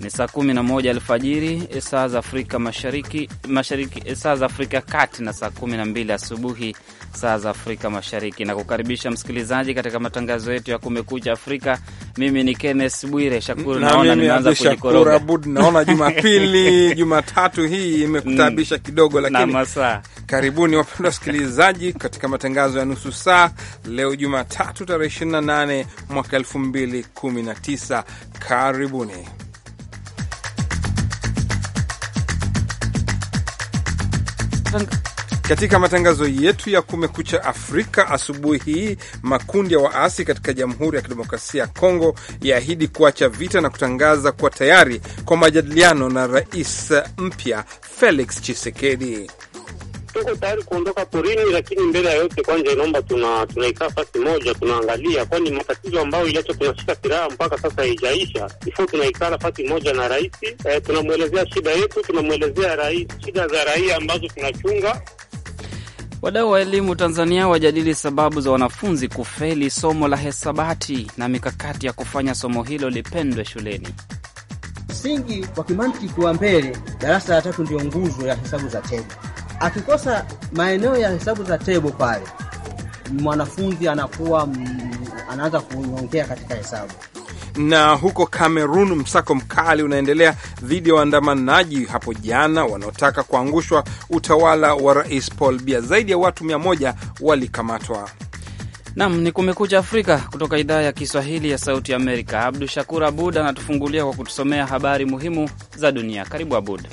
Ni saa 11 alfajiri saa za Afrika Mashariki, Mashariki saa za Afrika Kati na saa 12 asubuhi saa za Afrika Mashariki. Na kukaribisha msikilizaji katika matangazo yetu ya Kumekucha Afrika. Mimi ni Kenneth Bwire Shakuru, naona nimeanza kujikoroga Abud. Naona Jumapili Jumatatu hii imekutabisha mm. kidogo, lakini karibuni wapendwa wasikilizaji katika matangazo ya nusu saa leo Jumatatu tarehe 28 mwaka 2019. Karibuni. Katika matangazo yetu ya Kumekucha Afrika asubuhi hii, makundi ya waasi katika Jamhuri ya Kidemokrasia ya Kongo yaahidi kuacha vita na kutangaza kuwa tayari kwa majadiliano na rais mpya Felix Tshisekedi tuko tayari kuondoka porini, lakini mbele ya yote, kwanza inaomba tuna tunaikaa fasi moja, tunaangalia, kwani matatizo ambayo iliacha tunashika silaha mpaka sasa haijaisha. Ifo tunaikaa fasi moja na rais eh, tunamwelezea shida yetu, tunamwelezea rais shida za raia ambazo tunachunga. Wadau wa elimu Tanzania wajadili sababu za wanafunzi kufeli somo la hesabati na mikakati ya kufanya somo hilo lipendwe shuleni. Msingi wa kimantiki wa mbele, darasa la tatu ndio nguzo ya hesabu za tena Akikosa maeneo ya hesabu za tebo pale, mwanafunzi anakuwa anaanza kuongea katika hesabu na huko Kamerun msako mkali unaendelea dhidi ya waandamanaji hapo jana wanaotaka kuangushwa utawala wa rais Paul Bia. Zaidi ya watu mia moja walikamatwa. Nam ni Kumekucha Afrika kutoka idhaa ya Kiswahili ya Sauti Amerika. Abdu Shakur Abud anatufungulia kwa kutusomea habari muhimu za dunia. Karibu Abud.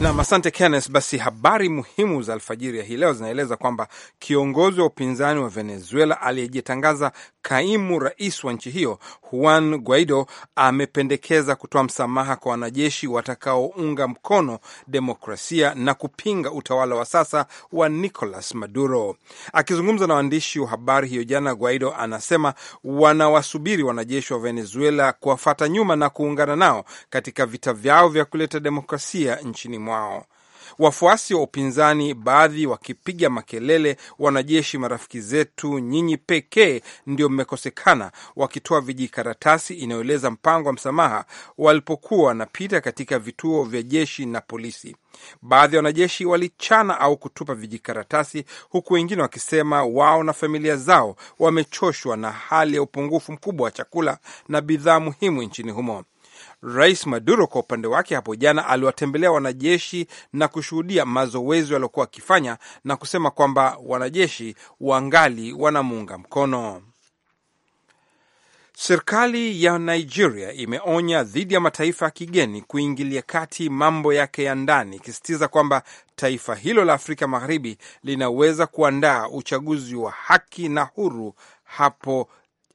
Nam, asante Kenneth. Basi habari muhimu za alfajiri ya hii leo zinaeleza kwamba kiongozi wa upinzani wa Venezuela aliyejitangaza kaimu rais wa nchi hiyo Juan Guaido amependekeza kutoa msamaha kwa wanajeshi watakaounga mkono demokrasia na kupinga utawala wa sasa wa Nicolas Maduro. Akizungumza na waandishi wa habari hiyo jana, Guaido anasema wanawasubiri wanajeshi wa Venezuela kuwafata nyuma na kuungana nao katika vita vyao vya kuleta demokrasia nchini mwao. Wafuasi wa upinzani baadhi wakipiga makelele, wanajeshi marafiki zetu, nyinyi pekee ndio mmekosekana, wakitoa vijikaratasi inayoeleza mpango wa msamaha walipokuwa wanapita katika vituo vya jeshi na polisi. Baadhi ya wanajeshi walichana au kutupa vijikaratasi, huku wengine wakisema wao na familia zao wamechoshwa na hali ya upungufu mkubwa wa chakula na bidhaa muhimu nchini humo. Rais Maduro kwa upande wake hapo jana aliwatembelea wanajeshi na kushuhudia mazoezi waliokuwa wakifanya na kusema kwamba wanajeshi wangali wanamuunga mkono. Serikali ya Nigeria imeonya dhidi ya mataifa ya kigeni kuingilia kati mambo yake ya ndani, ikisisitiza kwamba taifa hilo la Afrika Magharibi linaweza kuandaa uchaguzi wa haki na huru hapo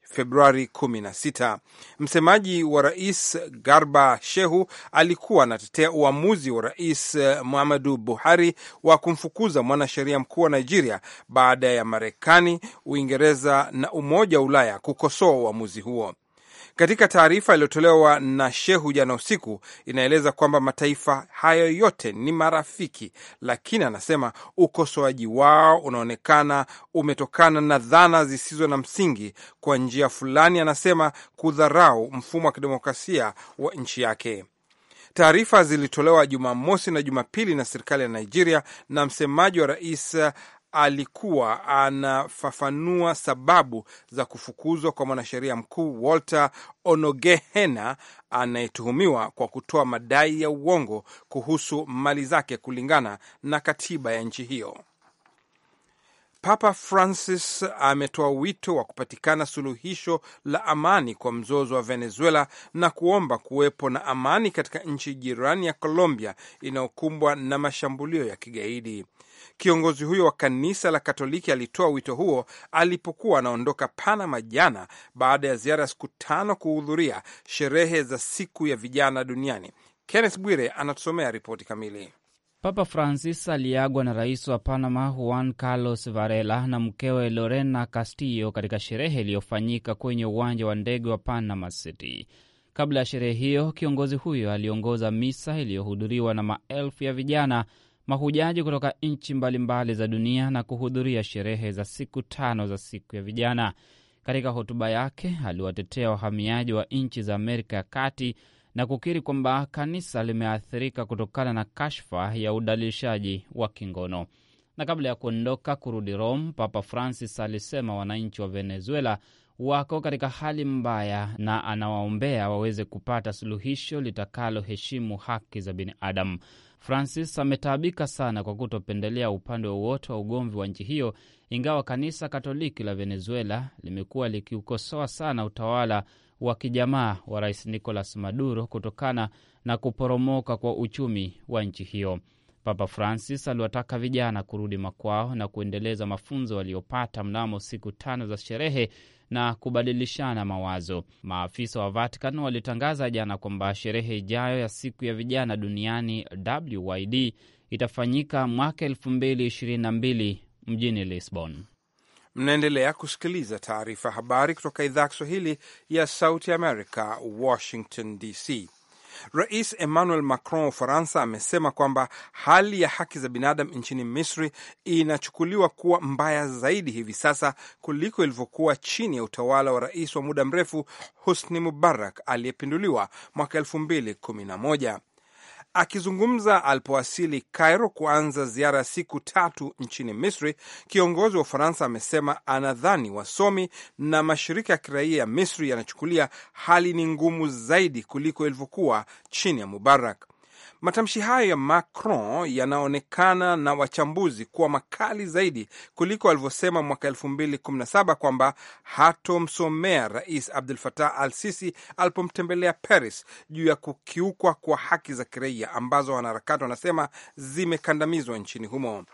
Februari 16. Msemaji wa rais Garba Shehu alikuwa anatetea uamuzi wa rais eh, Muhammadu Buhari wa kumfukuza mwanasheria mkuu wa Nigeria baada ya Marekani, Uingereza na Umoja wa Ulaya kukosoa uamuzi huo. Katika taarifa iliyotolewa na Shehu jana usiku, inaeleza kwamba mataifa hayo yote ni marafiki, lakini anasema ukosoaji wao unaonekana umetokana na dhana zisizo na msingi, kwa njia fulani, anasema kudharau mfumo wa kidemokrasia wa nchi yake. Taarifa zilitolewa Jumamosi na Jumapili na serikali ya Nigeria na msemaji wa rais alikuwa anafafanua sababu za kufukuzwa kwa mwanasheria mkuu Walter Onogehena anayetuhumiwa kwa kutoa madai ya uongo kuhusu mali zake kulingana na katiba ya nchi hiyo. Papa Francis ametoa wito wa kupatikana suluhisho la amani kwa mzozo wa Venezuela na kuomba kuwepo na amani katika nchi jirani ya Colombia inayokumbwa na mashambulio ya kigaidi. Kiongozi huyo wa kanisa la Katoliki alitoa wito huo alipokuwa anaondoka Panama jana baada ya ziara ya siku tano kuhudhuria sherehe za siku ya vijana duniani. Kenneth Bwire anatusomea ripoti kamili. Papa Francis aliagwa na rais wa Panama Juan Carlos Varela na mkewe Lorena Castillo katika sherehe iliyofanyika kwenye uwanja wa ndege wa Panama City. Kabla ya sherehe hiyo, kiongozi huyo aliongoza misa iliyohudhuriwa na maelfu ya vijana mahujaji kutoka nchi mbalimbali za dunia na kuhudhuria sherehe za siku tano za siku ya vijana. Katika hotuba yake aliwatetea wahamiaji wa nchi za Amerika ya Kati na kukiri kwamba kanisa limeathirika kutokana na kashfa ya udalilishaji wa kingono. Na kabla ya kuondoka kurudi Rome, Papa Francis alisema wananchi wa Venezuela wako katika hali mbaya na anawaombea waweze kupata suluhisho litakaloheshimu haki za binadamu. Francis ametaabika sana kwa kutopendelea upande wowote wa ugomvi wa nchi hiyo, ingawa kanisa Katoliki la Venezuela limekuwa likiukosoa sana utawala wa kijamaa wa rais Nicolas Maduro kutokana na kuporomoka kwa uchumi wa nchi hiyo. Papa Francis aliwataka vijana kurudi makwao na kuendeleza mafunzo waliyopata mnamo siku tano za sherehe na kubadilishana mawazo. Maafisa wa Vatican walitangaza jana kwamba sherehe ijayo ya siku ya vijana duniani WYD itafanyika mwaka 2022 mjini Lisbon. Mnaendelea kusikiliza taarifa habari kutoka idhaa ya Kiswahili ya Sauti Amerika, Washington DC. Rais Emmanuel Macron wa Ufaransa amesema kwamba hali ya haki za binadamu nchini Misri inachukuliwa kuwa mbaya zaidi hivi sasa kuliko ilivyokuwa chini ya utawala wa rais wa muda mrefu Husni Mubarak aliyepinduliwa mwaka elfu mbili kumi na moja. Akizungumza alipowasili Cairo kuanza ziara ya siku tatu nchini Misri, kiongozi wa Ufaransa amesema anadhani wasomi na mashirika ya kiraia ya Misri yanachukulia hali ni ngumu zaidi kuliko ilivyokuwa chini ya Mubarak. Matamshi hayo ya Macron yanaonekana na wachambuzi kuwa makali zaidi kuliko alivyosema mwaka 2017 kwamba hatomsomea Rais Abdul Fatah al Sisi alipomtembelea Paris juu ya kukiukwa kwa haki za kiraia ambazo wanaharakati wanasema zimekandamizwa nchini humo.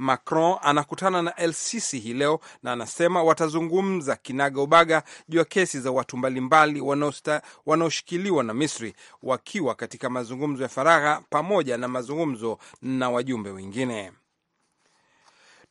Macron anakutana na El Sisi hii leo na anasema watazungumza kinaga ubaga juu ya kesi za watu mbalimbali wanaoshikiliwa na Misri wakiwa katika mazungumzo ya faragha pamoja na mazungumzo na wajumbe wengine.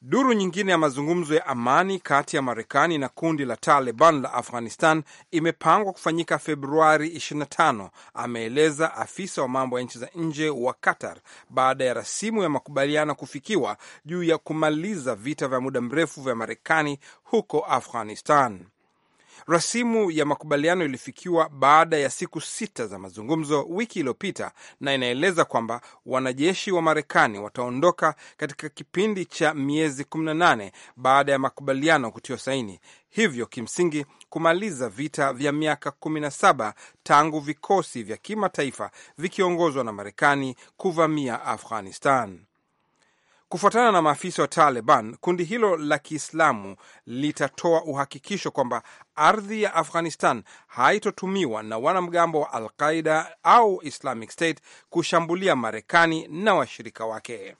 Duru nyingine ya mazungumzo ya amani kati ya Marekani na kundi la Taliban la Afghanistan imepangwa kufanyika Februari 25, ameeleza afisa wa mambo ya nchi za nje wa Qatar, baada ya rasimu ya makubaliano kufikiwa juu ya kumaliza vita vya muda mrefu vya Marekani huko Afghanistan. Rasimu ya makubaliano ilifikiwa baada ya siku sita za mazungumzo wiki iliyopita na inaeleza kwamba wanajeshi wa Marekani wataondoka katika kipindi cha miezi 18 baada ya makubaliano kutiwa saini, hivyo kimsingi kumaliza vita vya miaka 17 tangu vikosi vya kimataifa vikiongozwa na Marekani kuvamia Afghanistan. Kufuatana na maafisa wa Taliban, kundi hilo la Kiislamu litatoa uhakikisho kwamba ardhi ya Afghanistan haitotumiwa na wanamgambo wa Alqaida au Islamic State kushambulia Marekani na washirika wake.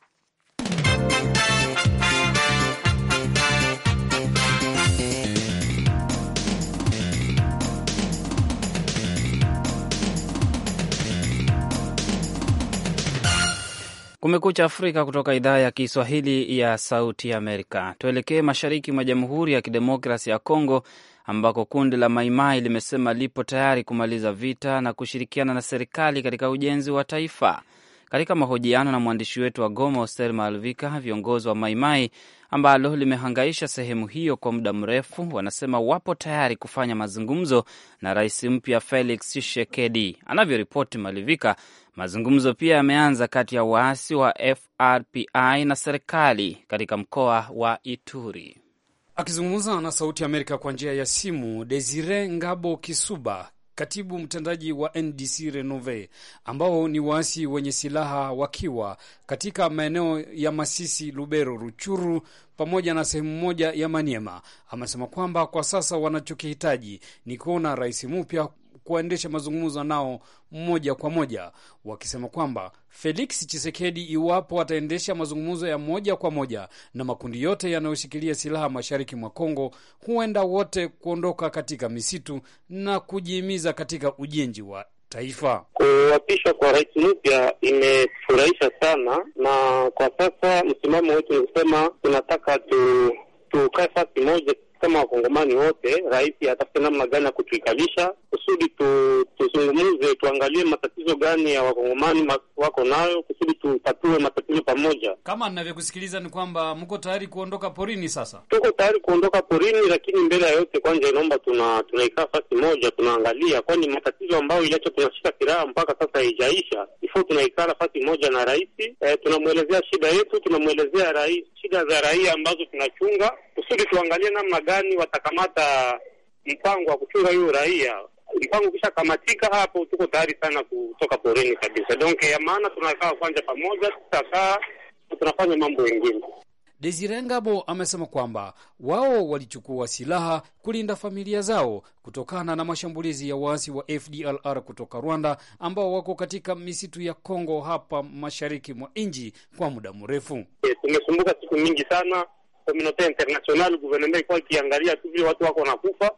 Kumekucha Afrika kutoka idhaa ya Kiswahili ya Sauti Amerika. Tuelekee mashariki mwa Jamhuri ya Kidemokrasi ya Kongo ambako kundi la Maimai limesema lipo tayari kumaliza vita na kushirikiana na serikali katika ujenzi wa taifa. Katika mahojiano na mwandishi wetu wa Goma, Oster Malvika, viongozi wa Maimai ambalo limehangaisha sehemu hiyo kwa muda mrefu, wanasema wapo tayari kufanya mazungumzo na rais mpya Felix Tshisekedi, anavyoripoti Malivika Mazungumzo pia yameanza kati ya waasi wa FRPI na serikali katika mkoa wa Ituri. Akizungumza na Sauti ya Amerika kwa njia ya simu, Desire Ngabo Kisuba, katibu mtendaji wa NDC Renove, ambao ni waasi wenye silaha wakiwa katika maeneo ya Masisi, Lubero, Ruchuru pamoja na sehemu moja ya Maniema, amesema kwamba kwa sasa wanachokihitaji ni kuona rais mpya kuendesha mazungumzo nao moja kwa moja, wakisema kwamba Felix Chisekedi, iwapo ataendesha mazungumzo ya moja kwa moja na makundi yote yanayoshikilia silaha mashariki mwa Kongo, huenda wote kuondoka katika misitu na kujiimiza katika ujenzi wa taifa. Kuapishwa kwa rais mpya imefurahisha sana, na kwa sasa msimamo wetu ni kusema tunataka tu tukae fasi moja kama wakongomani wote, rais atafute namna gani ya kutuikalisha kusudi tuzungumuze tuangalie matatizo gani ya wakongomani wako nayo, kusudi tutatue matatizo pamoja. Kama ninavyokusikiliza ni kwamba mko tayari kuondoka porini. Sasa tuko tayari kuondoka porini, lakini mbele ya yote, kwanza inaomba tuna tunaikaa fasi moja, tunaangalia, kwani matatizo ambayo iliacha tunashika kiraha mpaka sasa haijaisha. Ifo tunaikala fasi moja na rais e, tunamwelezea shida yetu, tunamwelezea rais shida za raia ambazo tunachunga, kusudi tuangalie namna gani watakamata mpango wa kuchunga hiyo raia mpango kisha kamatika hapo, tuko tayari sana kutoka porini kabisa. Donc ya maana tunakaa kwanza pamoja, tutakaa tunafanya mambo mengine. Desire Ngabo amesema kwamba wao walichukua silaha kulinda familia zao kutokana na mashambulizi ya waasi wa FDLR kutoka Rwanda ambao wako katika misitu ya Kongo hapa mashariki mwa nchi kwa muda mrefu. E, eh, tumesumbuka siku nyingi sana, communaute international, gouvernement ilikuwa ikiangalia tu vile watu wako wanakufa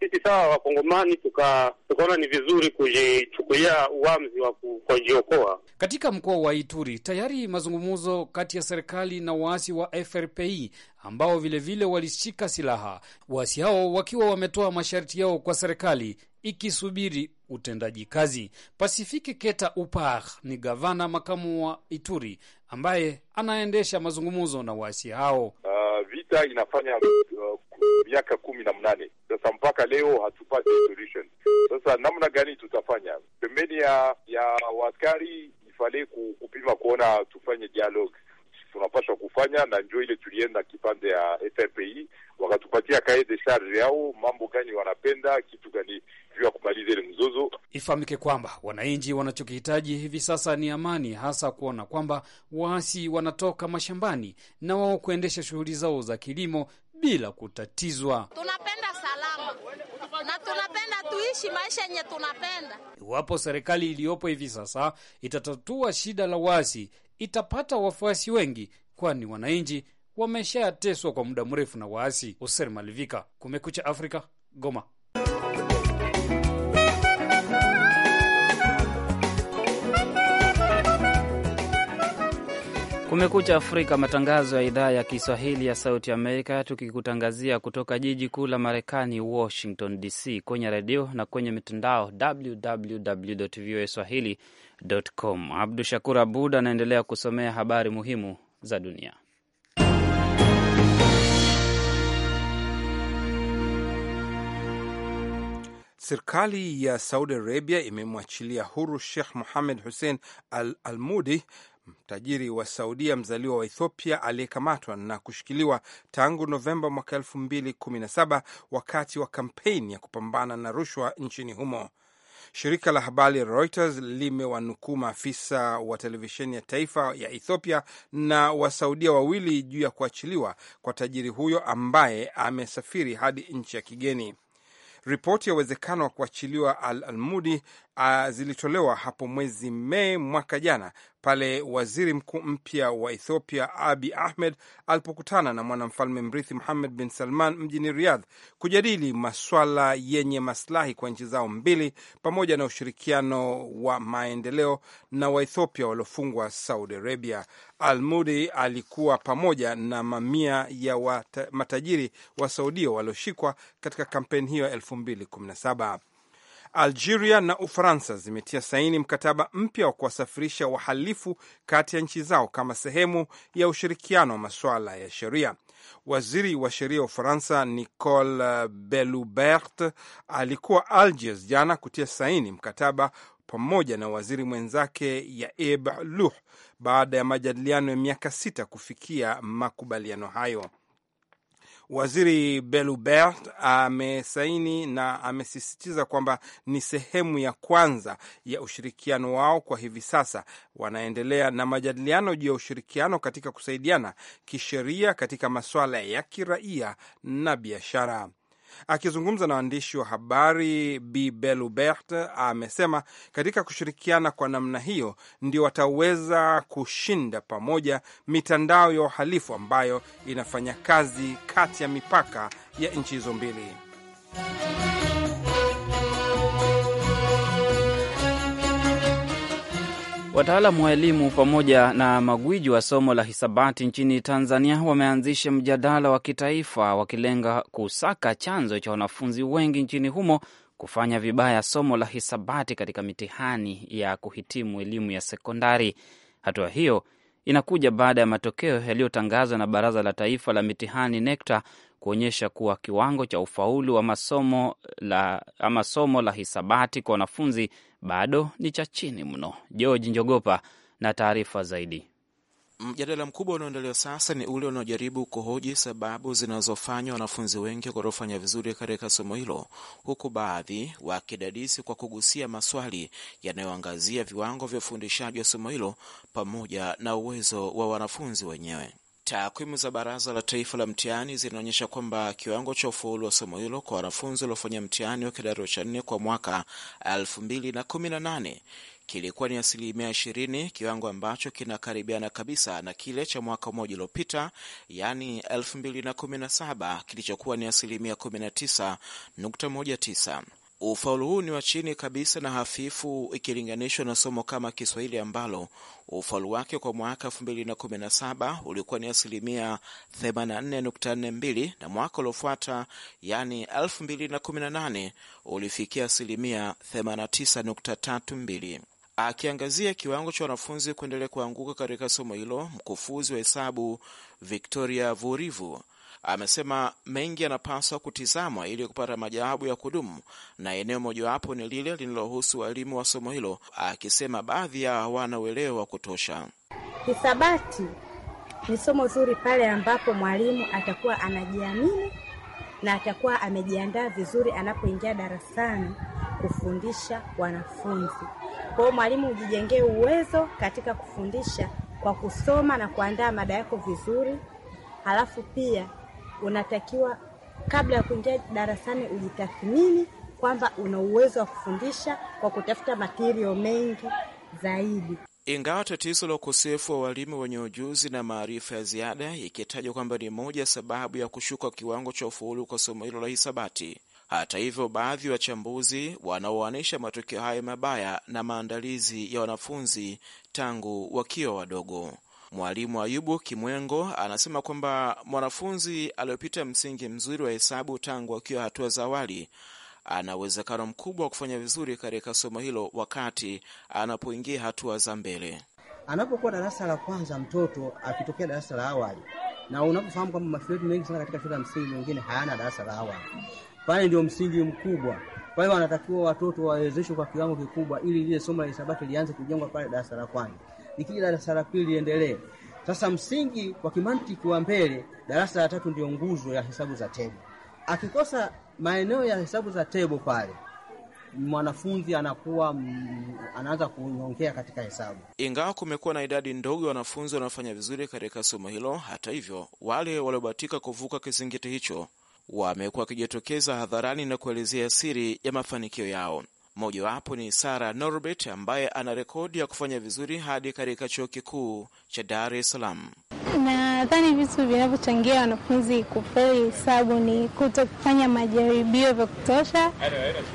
sisi sawa Wakongomani tuka tukaona ni vizuri kujichukulia uamzi wa kujiokoa. Katika mkoa wa Ituri tayari mazungumzo kati ya serikali na waasi wa FRPI ambao vilevile walishika silaha, waasi hao wakiwa wametoa masharti yao kwa serikali ikisubiri utendaji kazi. Pasifiki Keta Upar ni gavana makamu wa Ituri ambaye anaendesha mazungumzo na waasi hao. Uh, vita inafanya miaka kumi na mnane sasa, mpaka leo hatupati solution. Sasa namna gani tutafanya? Pembeni ya ya waskari ifale kupima kuona tufanye dialogue tunapaswa kufanya na njo ile tulienda kipande ya FRPI wakatupatia kae de charge yao, mambo gani wanapenda, kitu gani juu ya kumaliza ile mzozo. Ifahamike kwamba wananchi wanachokihitaji hivi sasa ni amani, hasa kuona kwamba waasi wanatoka mashambani na wao kuendesha shughuli zao za kilimo bila kutatizwa. Tunapenda salama na tunapenda tuishi maisha yenye tunapenda. Iwapo serikali iliyopo hivi sasa itatatua shida la wasi, itapata wafuasi wengi, kwani wananchi wameshayateswa kwa muda mrefu na waasi. Hoser Malivika, Kumekucha Afrika, Goma. Kumekucha Afrika, matangazo ya idhaa ya Kiswahili ya Sauti Amerika, tukikutangazia kutoka jiji kuu la Marekani, Washington DC, kwenye redio na kwenye mitandao www voa swahili.com. Abdu Shakur Abud anaendelea kusomea habari muhimu za dunia. Serikali ya Saudi Arabia imemwachilia huru Sheikh Muhamed Hussein Al Almudi mtajiri wa Saudia mzaliwa wa Ethiopia aliyekamatwa na kushikiliwa tangu Novemba mwaka 2017 wakati wa kampeni ya kupambana na rushwa nchini humo. Shirika la habari Reuters limewanukuu maafisa wa televisheni ya taifa ya Ethiopia na wasaudia wawili juu ya kuachiliwa kwa tajiri huyo ambaye amesafiri hadi nchi ya kigeni. Ripoti ya uwezekano wa kuachiliwa Al Almudi Uh, zilitolewa hapo mwezi Mei mwaka jana pale waziri mkuu mpya wa Ethiopia Abi Ahmed alipokutana na mwanamfalme mrithi muhamed bin Salman mjini Riyadh kujadili maswala yenye maslahi kwa nchi zao mbili pamoja na ushirikiano wa maendeleo na Waethiopia waliofungwa Saudi Arabia. Almudi alikuwa pamoja na mamia ya wata, matajiri wa Saudia walioshikwa katika kampeni hiyo ya 2017. Algeria na Ufaransa zimetia saini mkataba mpya wa kuwasafirisha wahalifu kati ya nchi zao kama sehemu ya ushirikiano wa masuala ya sheria. Waziri wa sheria wa Ufaransa Nicole belubert alikuwa Algiers jana kutia saini mkataba pamoja na waziri mwenzake Yaeb Luh baada ya majadiliano ya miaka sita kufikia makubaliano hayo. Waziri Belubert amesaini na amesisitiza kwamba ni sehemu ya kwanza ya ushirikiano wao. Kwa hivi sasa wanaendelea na majadiliano juu ya ushirikiano katika kusaidiana kisheria katika masuala ya kiraia na biashara. Akizungumza na waandishi wa habari, Bi Belubert amesema katika kushirikiana kwa namna hiyo ndio wataweza kushinda pamoja mitandao ya uhalifu ambayo inafanya kazi kati ya mipaka ya nchi hizo mbili. Wataalamu wa elimu pamoja na magwiji wa somo la hisabati nchini Tanzania wameanzisha mjadala wa kitaifa wakilenga kusaka chanzo cha wanafunzi wengi nchini humo kufanya vibaya somo la hisabati katika mitihani ya kuhitimu elimu ya sekondari. Hatua hiyo inakuja baada ya matokeo yaliyotangazwa na Baraza la Taifa la Mitihani NECTA kuonyesha kuwa kiwango cha ufaulu wa masomo la, ama somo la hisabati kwa wanafunzi bado ni cha chini mno. George Njogopa na taarifa zaidi. Mjadala mkubwa unaoendelewa sasa ni ule unaojaribu kuhoji sababu zinazofanya wanafunzi wengi kutofanya vizuri katika somo hilo, huku baadhi wakidadisi kwa kugusia maswali yanayoangazia viwango vya ufundishaji wa somo hilo pamoja na uwezo wa wanafunzi wenyewe. Takwimu za Baraza la Taifa la Mtihani zinaonyesha kwamba kiwango cha ufaulu wa somo hilo kwa wanafunzi waliofanya mtihani wa kidato cha nne kwa mwaka 2018 kilikuwa ni asilimia 20, kiwango ambacho kinakaribiana kabisa na kile cha mwaka mmoja uliopita, yaani 2017 kilichokuwa ni asilimia 19.19. Ufaulu huu ni wa chini kabisa na hafifu ikilinganishwa na somo kama Kiswahili ambalo ufaulu wake kwa mwaka 2017 ulikuwa ni asilimia 84.42 na mwaka uliofuata yani 2018 ulifikia asilimia 89.32. Akiangazia kiwango cha wanafunzi kuendelea kuanguka katika somo hilo, mkufuzi wa hesabu Victoria Vurivu amesema mengi yanapaswa kutizamwa ili kupata majawabu ya kudumu, na eneo mojawapo ni lile linalohusu walimu wa somo hilo, akisema baadhi yao hawana uelewa wa kutosha. Hisabati ni somo zuri pale ambapo mwalimu atakuwa anajiamini na atakuwa amejiandaa vizuri anapoingia darasani kufundisha wanafunzi. Kwa hiyo mwalimu hujijengee uwezo katika kufundisha kwa kusoma na kuandaa mada yako vizuri, halafu pia unatakiwa kabla ya kuingia darasani ujitathmini kwamba una uwezo wa kufundisha kwa kutafuta matirio mengi zaidi. Ingawa tatizo la ukosefu wa walimu wenye ujuzi na maarifa ya ziada ikitajwa kwamba ni moja sababu ya kushuka kiwango cha ufaulu kwa somo hilo la hisabati. Hata hivyo, baadhi ya wachambuzi wanaoanisha matokeo hayo mabaya na maandalizi ya wanafunzi tangu wakiwa wadogo. Mwalimu Ayubu Kimwengo anasema kwamba mwanafunzi aliyopita msingi mzuri wa hesabu tangu akiwa hatua za awali ana uwezekano mkubwa wa kufanya vizuri katika somo hilo wakati anapoingia hatua za mbele. Anapokuwa darasa la kwanza, mtoto akitokea darasa la awali, na unapofahamu kwamba mashule yetu mengi sana katika shule ya msingi mwingine hayana darasa la awali, pale ndio msingi mkubwa. Kwa hiyo wanatakiwa watoto wawezeshwe kwa kiwango kikubwa, ili lile somo la hisabati lianze kujengwa pale darasa la kwanza nikija darasa la pili liendelee. Sasa msingi wa kimantiki wa mbele, darasa la tatu ndio nguzo ya hesabu za tebo. Akikosa maeneo ya hesabu za tebo pale mwanafunzi anakuwa anaanza kuongea katika hesabu. Ingawa kumekuwa na idadi ndogo ya wanafunzi wanaofanya vizuri katika somo hilo, hata hivyo, wale waliobahatika kuvuka kizingiti hicho wamekuwa wakijitokeza hadharani na kuelezea siri ya mafanikio yao. Mojawapo ni Sara Norbert ambaye ana rekodi ya kufanya vizuri hadi katika chuo kikuu cha Dar es Salaam. Nadhani vitu vinavyochangia wanafunzi kufeli hesabu ni kuto kufanya majaribio vya kutosha,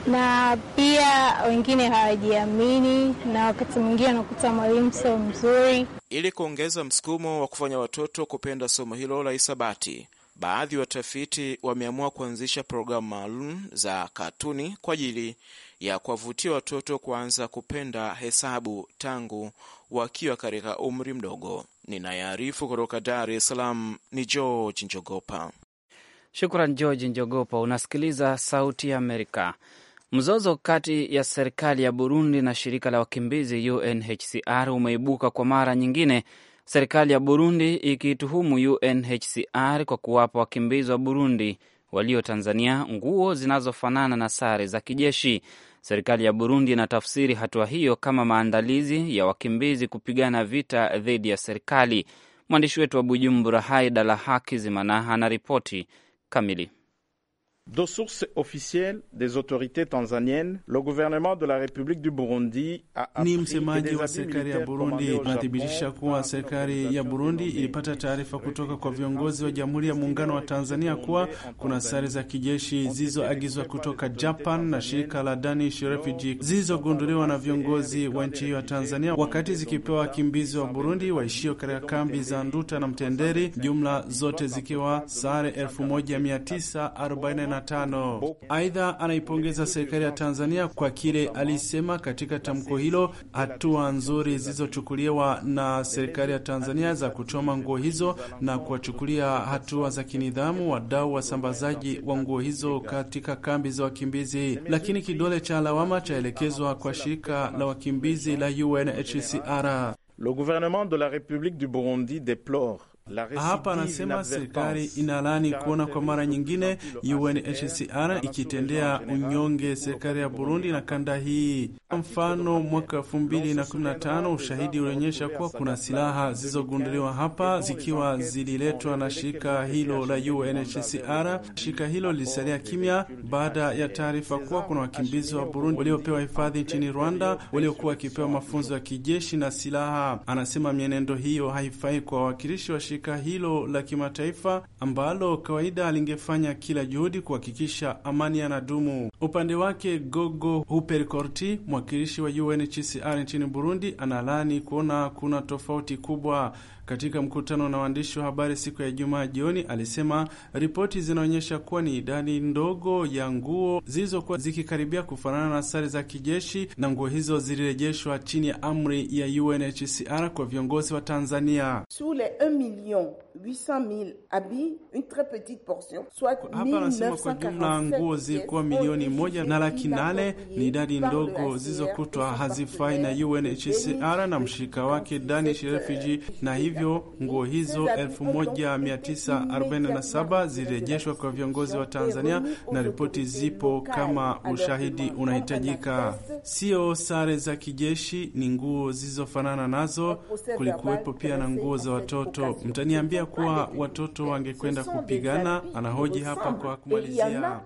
na pia wengine hawajiamini, na wakati mwingine wanakuta mwalimu sio mzuri. Ili kuongeza msukumo wa kufanya watoto kupenda somo hilo la hisabati, baadhi ya watafiti wameamua kuanzisha programu maalum za katuni kwa ajili ya kuwavutia watoto kuanza kupenda hesabu tangu wakiwa katika umri mdogo. Ninayearifu kutoka Dar es Salaam ni George Njogopa. Shukran George Njogopa. Unasikiliza Sauti ya Amerika. Mzozo kati ya serikali ya Burundi na shirika la wakimbizi UNHCR umeibuka kwa mara nyingine, serikali ya Burundi ikiituhumu UNHCR kwa kuwapa wakimbizi wa Burundi walio Tanzania nguo zinazofanana na sare za kijeshi. Serikali ya Burundi inatafsiri hatua hiyo kama maandalizi ya wakimbizi kupigana vita dhidi ya serikali. Mwandishi wetu wa Bujumbura, Haidala Hakizimana, anaripoti kamili. De sources officielles des autorités tanzaniennes, le gouvernement de la République du Burundi a ni msemaji wa serikali ya Burundi anathibitisha kuwa serikali ya Burundi ilipata taarifa kutoka kwa viongozi wa Jamhuri ya Muungano wa Tanzania kuwa kuna sare za kijeshi zilizoagizwa kutoka Japan na shirika la Danish Refugee zilizogunduliwa na viongozi wa nchi hiyo ya Tanzania wakati zikipewa wakimbizi wa Burundi waishio katika kambi za Nduta na Mtenderi, jumla zote zikiwa sare 1940 25. Aidha, anaipongeza serikali ya Tanzania kwa kile alisema katika tamko hilo, hatua nzuri zilizochukuliwa na serikali ya Tanzania za kuchoma nguo hizo na kuwachukulia hatua za kinidhamu wadau wasambazaji wa nguo hizo katika kambi za wakimbizi, lakini kidole cha lawama chaelekezwa kwa shirika la wakimbizi la UNHCR. Le gouvernement de la République du Burundi déplore Ah, hapa anasema serikali inalani kuona kwa mara nyingine UNHCR ikitendea unyonge serikali ya Burundi na kanda hii. Kwa mfano, mwaka tano ushahidi ulionyesha kuwa kuna silaha zilizogunduliwa hapa zikiwa zililetwa na shirika hilo la UNHCR. Shirika hilo lilisalia kimya baada ya taarifa kuwa kuna wakimbizi wa Burundi waliopewa hifadhi nchini Rwanda waliokuwa wakipewa mafunzo ya kijeshi na silaha. Anasema mienendo hiyo haifai kwa wawakilishi wa shirika hilo la kimataifa ambalo kawaida lingefanya kila juhudi kuhakikisha amani yanadumu. Upande wake, Gogo Huperkorti, mwakilishi wa UNHCR nchini Burundi, analani kuona kuna tofauti kubwa katika mkutano na waandishi wa habari siku ya Ijumaa jioni, alisema ripoti zinaonyesha kuwa ni idadi ndogo ya nguo zilizokuwa zikikaribia kufanana na sare za kijeshi, na nguo hizo zilirejeshwa chini ya amri ya UNHCR kwa viongozi wa Tanzania. Hapa anasema kwa jumla nguo zilikuwa milioni moja na laki nane. Ni idadi ndogo zilizokutwa hazifai na UNHCR na mshirika wake Danish Refugee na hivi hivyo nguo hizo 1947 zilirejeshwa kwa viongozi wa Tanzania na ripoti zipo kama ushahidi unahitajika. Sio sare za kijeshi, ni nguo zilizofanana nazo. Kulikuwepo pia na nguo za watoto. Mtaniambia kuwa watoto wangekwenda kupigana? Anahoji hapa kwa kumalizia.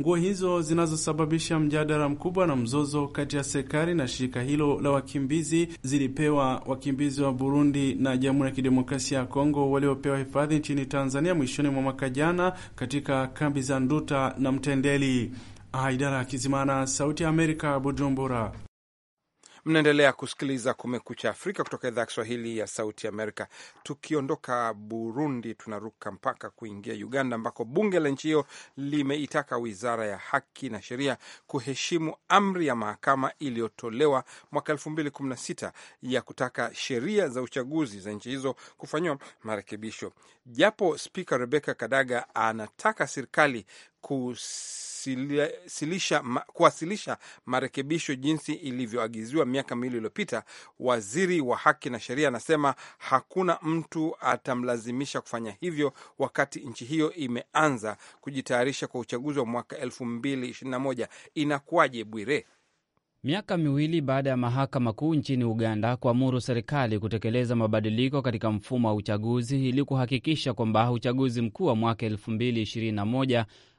Nguo hizo zinazosababisha mjadala mkubwa na mzozo kati ya serikali na shirika hilo la wakimbizi zilipewa wakimbizi wa Burundi na Jamhuri ya Kidemokrasia ya Kongo waliopewa hifadhi nchini Tanzania mwishoni mwa mwaka jana katika kambi za Nduta na Mtendeli. Haidara Kizimana, Sauti ya Amerika, Bujumbura. Mnaendelea kusikiliza Kumekucha Afrika kutoka idhaa ya Kiswahili ya Sauti Amerika. Tukiondoka Burundi, tunaruka mpaka kuingia Uganda, ambako bunge la nchi hiyo limeitaka wizara ya haki na sheria kuheshimu amri ya mahakama iliyotolewa mwaka sita ya kutaka sheria za uchaguzi za nchi hizo kufanyiwa marekebisho, japo Spika Rebeka Kadaga anataka serikali kusilisha, ma, kuwasilisha marekebisho jinsi ilivyoagiziwa miaka miwili iliyopita. Waziri wa haki na sheria anasema hakuna mtu atamlazimisha kufanya hivyo, wakati nchi hiyo imeanza kujitayarisha kwa uchaguzi wa mwaka 2021. Inakuwaje Bwire? Miaka miwili baada ya mahakama kuu nchini Uganda kuamuru serikali kutekeleza mabadiliko katika mfumo wa uchaguzi ili kuhakikisha kwamba uchaguzi mkuu wa mwaka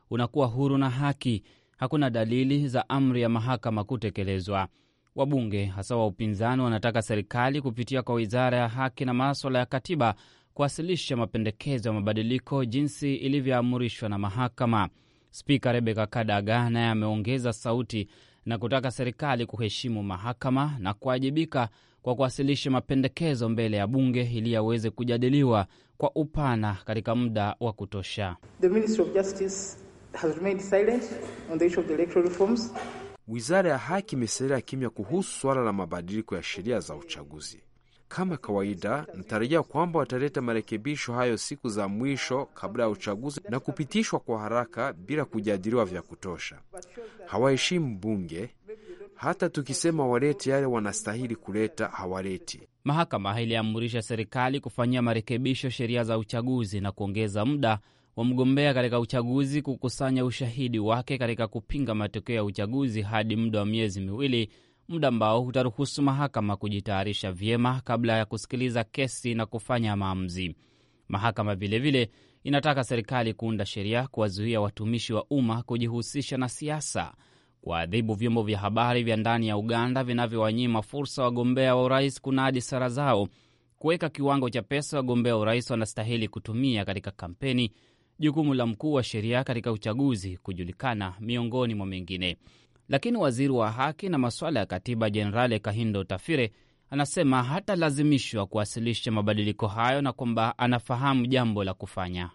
unakuwa huru na haki. Hakuna dalili za amri ya mahakama kutekelezwa. Wabunge hasa wa upinzani wanataka serikali kupitia kwa wizara ya haki na maswala ya katiba kuwasilisha mapendekezo ya mabadiliko jinsi ilivyoamrishwa na mahakama. Spika Rebeka Kadaga naye ameongeza sauti na kutaka serikali kuheshimu mahakama na kuwajibika kwa kuwasilisha mapendekezo mbele ya bunge ili yaweze kujadiliwa kwa upana katika muda wa kutosha. The Ministry of Justice has remained silent on the issue of the electoral reforms. Wizara ya Haki imesalia kimya kuhusu suala la mabadiliko ya sheria za uchaguzi. Kama kawaida, natarajia kwamba wataleta marekebisho hayo siku za mwisho kabla ya uchaguzi na kupitishwa kwa haraka bila kujadiliwa vya kutosha. Hawaheshimu bunge, hata tukisema walete yale wanastahili kuleta hawaleti. Mahakama iliamrisha serikali kufanyia marekebisho sheria za uchaguzi na kuongeza muda wa mgombea katika uchaguzi kukusanya ushahidi wake katika kupinga matokeo ya uchaguzi hadi muda wa miezi miwili, muda ambao utaruhusu mahakama kujitayarisha vyema kabla ya kusikiliza kesi na kufanya maamuzi. Mahakama vilevile inataka serikali kuunda sheria kuwazuia watumishi wa umma kujihusisha na siasa, kuadhibu vyombo vya habari vya ndani ya Uganda vinavyowanyima fursa wagombea wa urais kunadi sera zao, kuweka kiwango cha pesa wagombea wa urais wanastahili kutumia katika kampeni jukumu la mkuu wa sheria katika uchaguzi kujulikana, miongoni mwa mengine. Lakini waziri wa haki na masuala ya katiba Jenerali Kahindo Tafire anasema hatalazimishwa kuwasilisha mabadiliko hayo na kwamba anafahamu jambo la kufanya.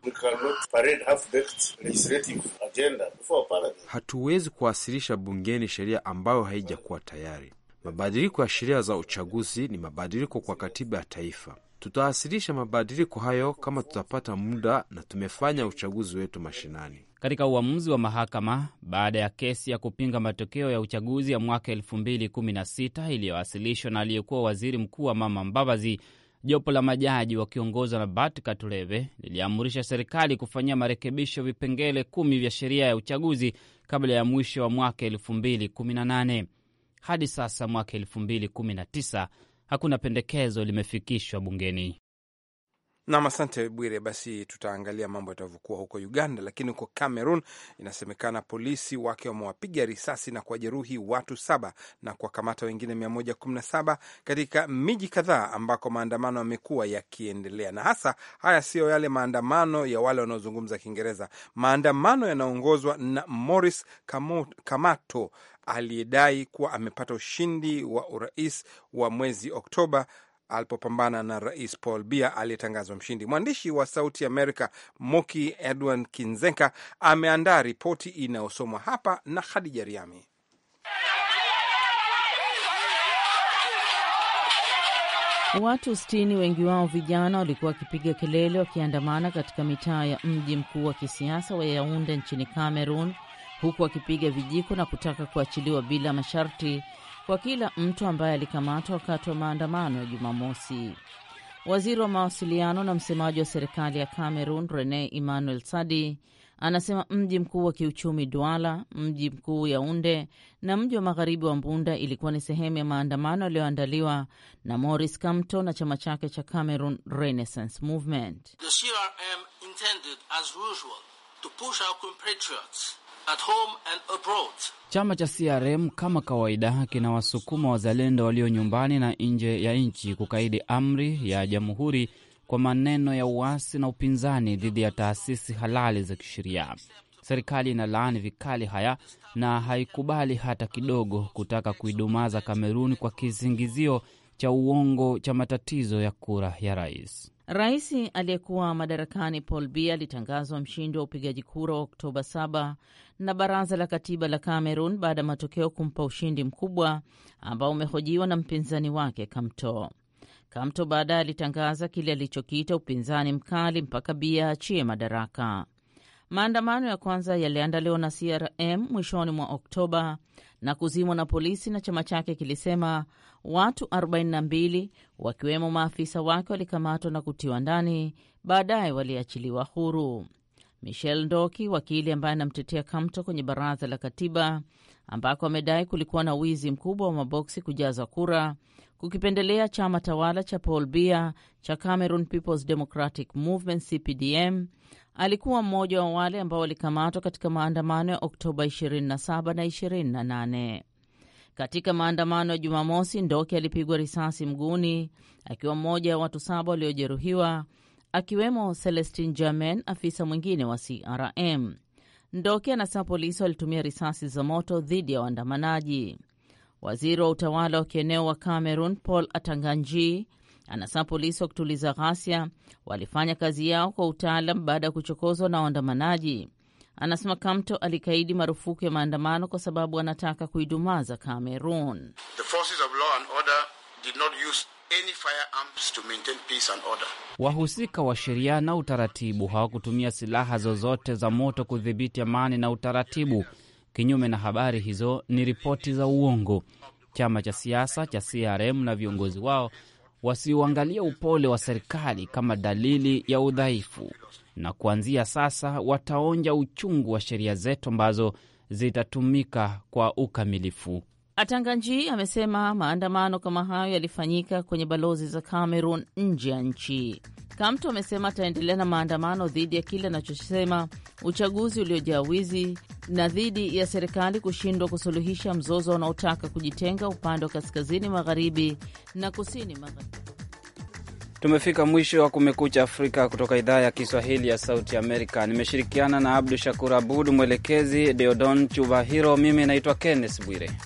Hatuwezi kuwasilisha bungeni sheria ambayo haijakuwa tayari. Mabadiliko ya sheria za uchaguzi ni mabadiliko kwa katiba ya taifa. Tutawasilisha mabadiliko hayo kama tutapata muda na tumefanya uchaguzi wetu mashinani. Katika uamuzi wa mahakama baada ya kesi ya kupinga matokeo ya uchaguzi ya mwaka 2016 iliyowasilishwa na aliyekuwa waziri mkuu wa Mama Mbabazi, jopo la majaji wakiongozwa na Bart Katureve liliamurisha serikali kufanyia marekebisho vipengele kumi vya sheria ya uchaguzi kabla ya mwisho wa mwaka 2018. Hadi sasa mwaka 2019 hakuna pendekezo limefikishwa bungeni. Nam, asante Bwire. Basi tutaangalia mambo yatavyokuwa huko Uganda, lakini huko Cameroon inasemekana polisi wake wamewapiga risasi na kuwajeruhi watu saba na kuwakamata wengine 117 katika miji kadhaa ambako maandamano yamekuwa yakiendelea, na hasa haya siyo yale maandamano ya wale wanaozungumza Kiingereza, maandamano yanaongozwa na Morris Kamato aliyedai kuwa amepata ushindi wa urais wa mwezi Oktoba alipopambana na rais Paul Bia aliyetangazwa mshindi. Mwandishi wa Sauti Amerika Moki Edwin Kinzenka ameandaa ripoti inayosomwa hapa na Khadija Riami. Watu sitini, wengi wao vijana, walikuwa wakipiga kelele wakiandamana katika mitaa ya mji mkuu wa kisiasa wa Yaunde nchini Cameroon huku akipiga vijiko na kutaka kuachiliwa bila masharti kwa kila mtu ambaye alikamatwa wakati wa maandamano ya Jumamosi. Waziri wa mawasiliano na msemaji wa serikali ya Cameroon, Rene Emmanuel Sadi, anasema mji mkuu wa kiuchumi duala mji mkuu yaunde na mji wa magharibi wa Mbunda ilikuwa ni sehemu ya maandamano yaliyoandaliwa na Maurice Kamto na chama chake cha Cameroon Renaissance Movement. The CRM intended as usual to push our compatriots at home and abroad. Chama cha CRM kama kawaida kinawasukuma wazalendo walio nyumbani na nje ya nchi kukaidi amri ya jamhuri kwa maneno ya uasi na upinzani dhidi ya taasisi halali za kisheria. Serikali inalaani vikali haya na haikubali hata kidogo kutaka kuidumaza Kameruni kwa kisingizio cha uongo cha matatizo ya kura ya rais. Rais aliyekuwa madarakani Paul Biya alitangazwa mshindi wa upigaji kura wa Oktoba 7 na baraza la katiba la Cameroon baada ya matokeo kumpa ushindi mkubwa ambao umehojiwa na mpinzani wake Kamto. Kamto baadaye alitangaza kile alichokiita upinzani mkali mpaka Biya achie madaraka. Maandamano ya kwanza yaliandaliwa na CRM mwishoni mwa Oktoba na kuzimwa na polisi, na chama chake kilisema watu 42 wakiwemo maafisa wake walikamatwa na kutiwa ndani, baadaye waliachiliwa huru. Michel Ndoki, wakili ambaye anamtetea Kamto kwenye baraza la katiba, ambako amedai kulikuwa na wizi mkubwa wa maboksi kujaza kura, kukipendelea chama tawala cha Paul Bia cha Cameroon People's Democratic Movement CPDM. Alikuwa mmoja wa wale ambao walikamatwa katika maandamano ya Oktoba 27 na 28. Katika maandamano ya Jumamosi, Ndoke alipigwa risasi mguuni akiwa mmoja wa watu saba waliojeruhiwa akiwemo Celestin Jamen, afisa mwingine wa CRM. Ndoke anasema polisi walitumia risasi za moto dhidi ya waandamanaji. Waziri wa utawala wa kieneo wa Cameroon Paul Atanganji anasema polisi wa kutuliza ghasia walifanya kazi yao kwa utaalam baada ya kuchokozwa na waandamanaji. Anasema Kamto alikaidi marufuku ya maandamano kwa sababu anataka kuidumaza Cameroon. Wahusika wa sheria na utaratibu hawakutumia silaha zozote za moto kudhibiti amani na utaratibu. Kinyume na habari hizo, ni ripoti za uongo. Chama cha siasa cha CRM na viongozi wao wasiuangalia upole wa serikali kama dalili ya udhaifu, na kuanzia sasa wataonja uchungu wa sheria zetu ambazo zitatumika kwa ukamilifu. Atanganji amesema maandamano kama hayo yalifanyika kwenye balozi za Cameroon nje ya nchi. Kamto amesema ataendelea na maandamano dhidi ya kile anachosema uchaguzi uliojaa wizi na dhidi ya serikali kushindwa kusuluhisha mzozo unaotaka kujitenga upande wa kaskazini magharibi na kusini magharibi. Tumefika mwisho wa Kumekucha Afrika kutoka idhaa ya Kiswahili ya Sauti Amerika. Nimeshirikiana na Abdu Shakur Abud, mwelekezi Deodon Chubahiro. Mimi naitwa Kenneth Bwire.